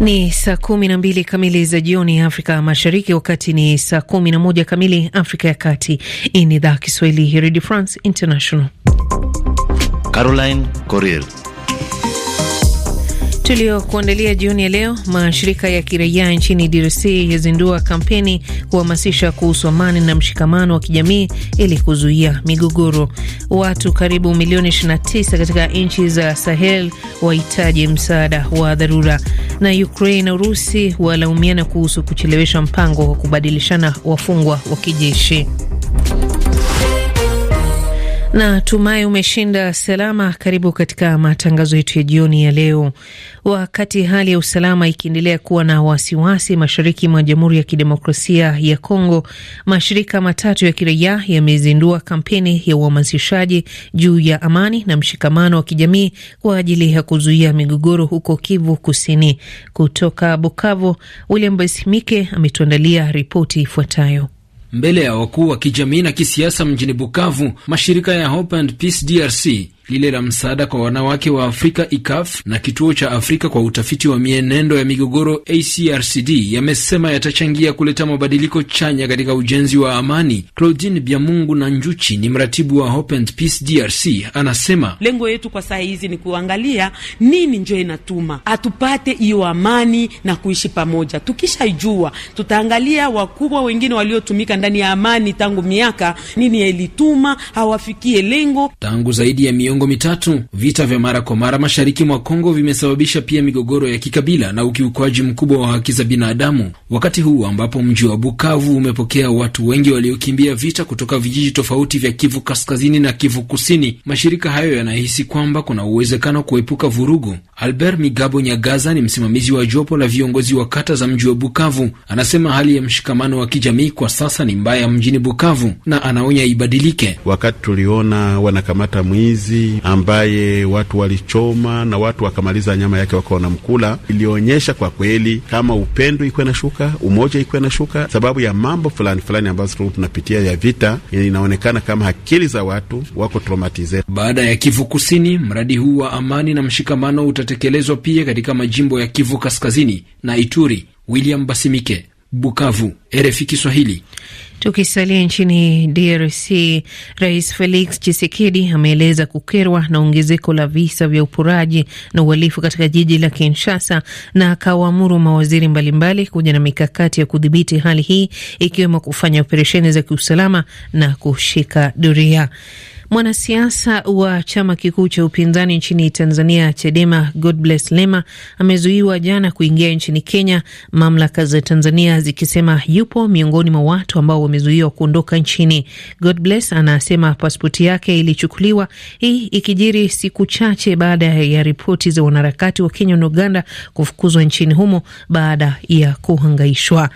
Ni saa kumi na mbili kamili za jioni Afrika Mashariki, wakati ni saa kumi na moja kamili Afrika ya Kati. Hii ni idhaa Kiswahili ya Redio France International. Caroline Coril tuliokuandalia jioni ya leo. Mashirika ya kiraia nchini DRC yazindua kampeni kuhamasisha kuhusu amani na mshikamano wa kijamii ili kuzuia migogoro. Watu karibu milioni 29 katika nchi za Sahel wahitaji msaada wa dharura. Na Ukraine na Urusi walaumiana kuhusu kuchelewesha mpango wa kubadilishana wafungwa wa kijeshi na tumai umeshinda salama. Karibu katika matangazo yetu ya jioni ya leo. Wakati hali ya usalama ikiendelea kuwa na wasiwasi mashariki mwa Jamhuri ya Kidemokrasia ya Kongo, mashirika matatu ya kiraia yamezindua kampeni ya uhamasishaji juu ya amani na mshikamano wa kijamii kwa ajili ya kuzuia migogoro huko Kivu Kusini. Kutoka Bukavu, William Basimike ametuandalia ripoti ifuatayo mbele ya wakuu wa kijamii na kisiasa mjini Bukavu, mashirika ya Hope and Peace DRC lile la msaada kwa wanawake wa Afrika ICAF na kituo cha Afrika kwa utafiti wa mienendo ya migogoro ACRCD yamesema yatachangia kuleta mabadiliko chanya katika ujenzi wa amani. Claudine Biamungu na Njuchi ni mratibu wa Hope and Peace DRC, anasema lengo yetu kwa saa hizi ni kuangalia nini njo inatuma atupate hiyo amani na kuishi pamoja. Tukishajua tutaangalia wakubwa wengine waliotumika ndani ya amani tangu miaka nini ilituma hawafikie lengo tangu zaidi ya miongo miongo mitatu. Vita vya mara kwa mara mashariki mwa Kongo vimesababisha pia migogoro ya kikabila na ukiukwaji mkubwa wa haki za binadamu, wakati huu ambapo mji wa Bukavu umepokea watu wengi waliokimbia vita kutoka vijiji tofauti vya Kivu Kaskazini na Kivu Kusini. Mashirika hayo yanahisi kwamba kuna uwezekano kuepuka vurugu. Albert Migabo Nyagaza ni msimamizi wa jopo la viongozi wa kata za mji wa Bukavu. Anasema hali ya mshikamano wa kijamii kwa sasa ni mbaya mjini Bukavu na anaonya ibadilike. Wakati tuliona wanakamata mwizi ambaye watu walichoma na watu wakamaliza nyama yake wakawa mkula Ilionyesha kwa kweli kama upendo iko shuka umoja iko shuka sababu ya mambo fulani fulani ambazo tunapitia ya vita. Inaonekana kama akili za watu wako traumatize. Baada ya Kivu Kusini, mradi huu wa amani na mshikamano utatekelezwa pia katika majimbo ya Kivu Kaskazini na Ituri. William Basimike, Bukavu, RFI Kiswahili. Tukisalia nchini DRC, Rais Felix Tshisekedi ameeleza kukerwa na ongezeko la visa vya uporaji na uhalifu katika jiji la Kinshasa na akawaamuru mawaziri mbalimbali kuja na mikakati ya kudhibiti hali hii ikiwemo kufanya operesheni za kiusalama na kushika doria. Mwanasiasa wa chama kikuu cha upinzani nchini Tanzania, Chadema, Godbless Lema amezuiwa jana kuingia nchini Kenya, mamlaka za Tanzania zikisema yupo miongoni mwa watu ambao wamezuiwa kuondoka nchini. Godbless anasema pasipoti yake ilichukuliwa, hii ikijiri siku chache baada ya ripoti za wanaharakati wa Kenya na Uganda kufukuzwa nchini humo baada ya kuhangaishwa.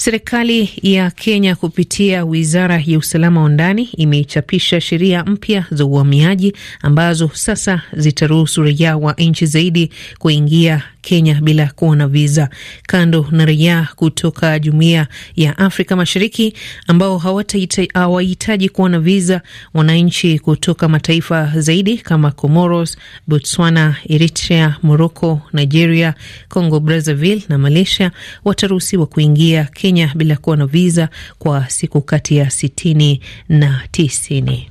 Serikali ya Kenya kupitia wizara ya usalama wa ndani imechapisha sheria mpya za uhamiaji ambazo sasa zitaruhusu raia wa nchi zaidi kuingia Kenya bila kuwa na viza, kando na raia kutoka Jumuiya ya Afrika Mashariki ambao hawahitaji kuwa na viza. Wananchi kutoka mataifa zaidi kama Comoros, Botswana, Eritrea, Morocco, Nigeria, Congo Brazzaville na Malaysia wataruhusiwa kuingia Kenya bila kuwa na viza kwa siku kati ya sitini na tisini.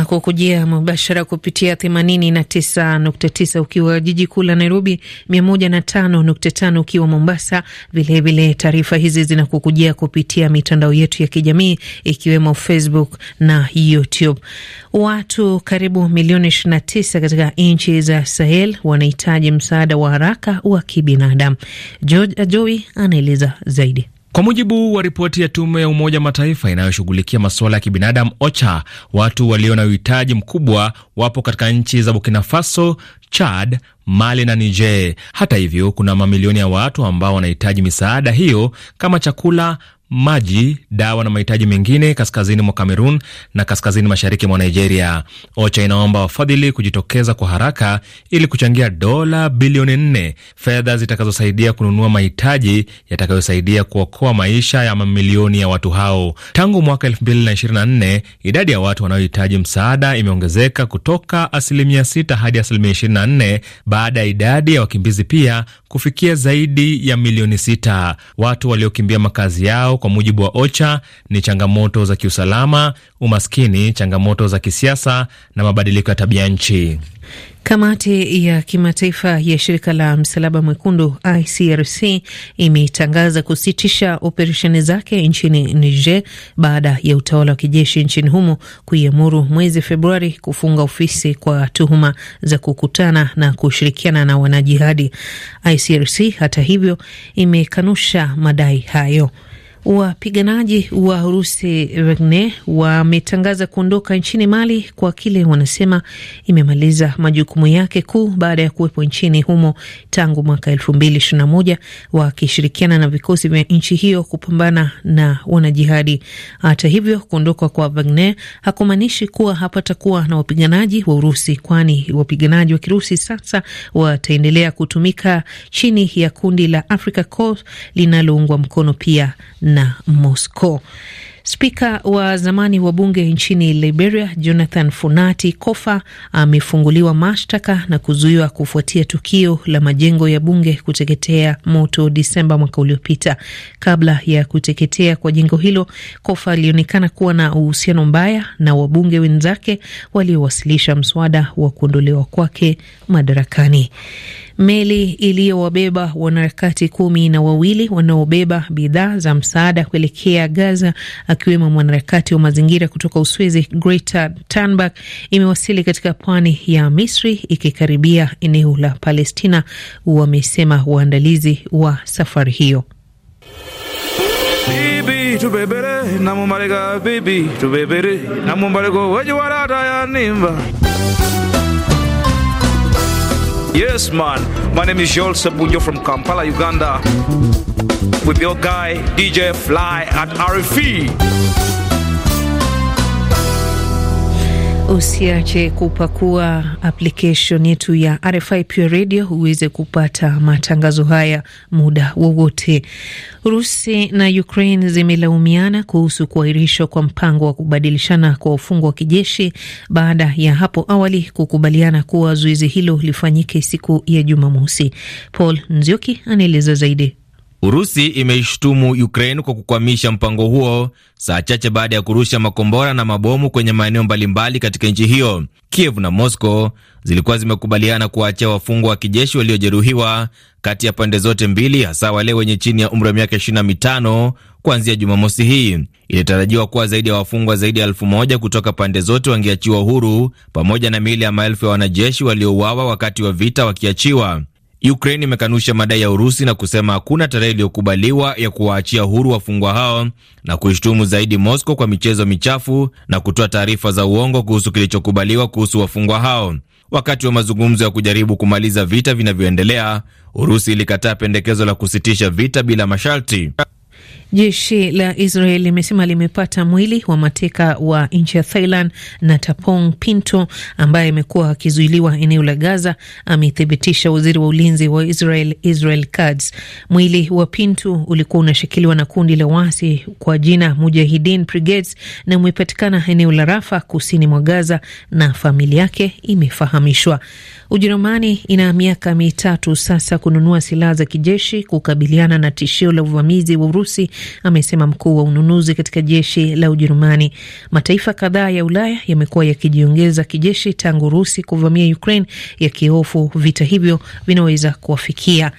na kukujia mubashara kupitia 89.9 ukiwa jiji kuu la Nairobi, 105.5 ukiwa Mombasa. Vilevile taarifa hizi zinakukujia kupitia mitandao yetu ya kijamii ikiwemo Facebook na YouTube. Watu karibu milioni 29 katika nchi za Sahel wanahitaji msaada wa haraka wa kibinadamu. George Ajoi anaeleza zaidi. Kwa mujibu wa ripoti ya tume ya Umoja wa Mataifa inayoshughulikia masuala ya kibinadamu OCHA, watu walio na uhitaji mkubwa wapo katika nchi za Burkina Faso, Chad, Mali na Niger. Hata hivyo, kuna mamilioni ya watu ambao wanahitaji misaada hiyo kama chakula maji, dawa na mahitaji mengine kaskazini mwa Kamerun na kaskazini mashariki mwa Nigeria. OCHA inaomba wafadhili kujitokeza kwa haraka ili kuchangia dola bilioni nne, fedha zitakazosaidia kununua mahitaji yatakayosaidia kuokoa maisha ya mamilioni ya watu hao. Tangu mwaka 2024 idadi ya watu wanaohitaji msaada imeongezeka kutoka asilimia 6 hadi asilimia 24 baada ya idadi ya wakimbizi pia kufikia zaidi ya milioni 6. Watu waliokimbia makazi yao kwa mujibu wa OCHA ni changamoto za kiusalama, umaskini, changamoto za kisiasa na mabadiliko ya tabia nchi. Kamati ya kimataifa ya shirika la msalaba mwekundu ICRC imetangaza kusitisha operesheni zake nchini Niger baada ya utawala wa kijeshi nchini humo kuiamuru mwezi Februari kufunga ofisi kwa tuhuma za kukutana na kushirikiana na wanajihadi. ICRC hata hivyo imekanusha madai hayo. Wapiganaji wa Urusi Wagner wametangaza kuondoka nchini Mali kwa kile wanasema imemaliza majukumu yake kuu baada ya kuwepo nchini humo tangu mwaka elfu mbili ishirini na moja wakishirikiana na vikosi vya nchi hiyo kupambana na wanajihadi. Hata hivyo, kuondoka kwa Wagner hakumaanishi kuwa hapatakuwa na wapiganaji wa Urusi, kwani wapiganaji wa Kirusi sasa wataendelea kutumika chini ya kundi la Africa Corps linaloungwa mkono pia na Moscow. Spika wa zamani wa bunge nchini Liberia, Jonathan Funati Kofa, amefunguliwa mashtaka na kuzuiwa kufuatia tukio la majengo ya bunge kuteketea moto Disemba mwaka uliopita. Kabla ya kuteketea kwa jengo hilo, Kofa alionekana kuwa na uhusiano mbaya na wabunge wenzake waliowasilisha mswada wa kuondolewa kwake madarakani. Meli iliyowabeba wanaharakati kumi na wawili wanaobeba bidhaa za msaada kuelekea Gaza, akiwemo mwanaharakati wa mazingira kutoka Uswezi Greta Thunberg, imewasili katika pwani ya Misri ikikaribia eneo la Palestina, wamesema waandalizi wa safari hiyo. Bibi, Yes, man. My name is Joel Sabunjo from Kampala, Uganda. With your guy, DJ Fly at RFE. Usiache kupakua application yetu ya RFI Pure Radio uweze kupata matangazo haya muda wowote. Urusi na Ukraine zimelaumiana kuhusu kuahirishwa kwa mpango wa kubadilishana kwa ufungwa wa kijeshi baada ya hapo awali kukubaliana kuwa zoezi hilo lifanyike siku ya Jumamosi. Paul Nzioki anaeleza zaidi. Urusi imeishutumu Ukraine kwa kukwamisha mpango huo saa chache baada ya kurusha makombora na mabomu kwenye maeneo mbalimbali katika nchi hiyo. Kiev na Moscow zilikuwa zimekubaliana kuwaachia wafungwa wa kijeshi waliojeruhiwa kati ya pande zote mbili, hasa wale wenye chini ya umri wa miaka 25 kuanzia Jumamosi hii. Ilitarajiwa kuwa zaidi ya wafungwa zaidi ya elfu moja kutoka pande zote wangeachiwa huru pamoja na miili ya maelfu ya wanajeshi waliouawa wakati wa vita wakiachiwa. Ukraine imekanusha madai ya Urusi na kusema hakuna tarehe iliyokubaliwa ya kuwaachia huru wafungwa hao na kuishtumu zaidi Moscow kwa michezo michafu na kutoa taarifa za uongo kuhusu kilichokubaliwa kuhusu wafungwa hao. Wakati wa mazungumzo ya kujaribu kumaliza vita vinavyoendelea, Urusi ilikataa pendekezo la kusitisha vita bila masharti. Jeshi la Israel limesema limepata mwili wa mateka wa nchi ya Thailand na Tapong Pinto ambaye amekuwa akizuiliwa eneo la Gaza, amethibitisha waziri wa ulinzi wa Israel Israel Katz. Mwili wa Pinto ulikuwa unashikiliwa na kundi la waasi kwa jina mujahidin Brigades na umepatikana eneo la Rafa kusini mwa Gaza na familia yake imefahamishwa. Ujerumani ina miaka mitatu sasa kununua silaha za kijeshi kukabiliana na tishio la uvamizi wa Urusi amesema mkuu wa ununuzi katika jeshi la Ujerumani. Mataifa kadhaa ya Ulaya yamekuwa yakijiongeza kijeshi tangu Urusi kuvamia Ukraine, yakihofu vita hivyo vinaweza kuwafikia.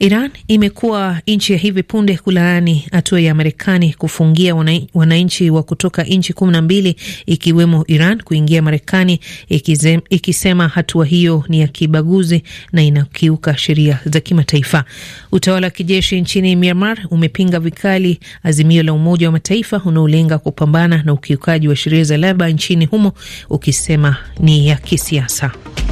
Iran imekuwa nchi ya hivi punde kulaani hatua ya Marekani kufungia wananchi wa kutoka nchi kumi na mbili ikiwemo Iran kuingia Marekani, ikisema hatua hiyo ni ya kibaguzi na inakiuka sheria za kimataifa. Utawala wa kijeshi nchini Myanmar umepinga vikali azimio la Umoja wa Mataifa unaolenga kupambana na ukiukaji wa sheria za leba nchini humo, ukisema ni ya kisiasa.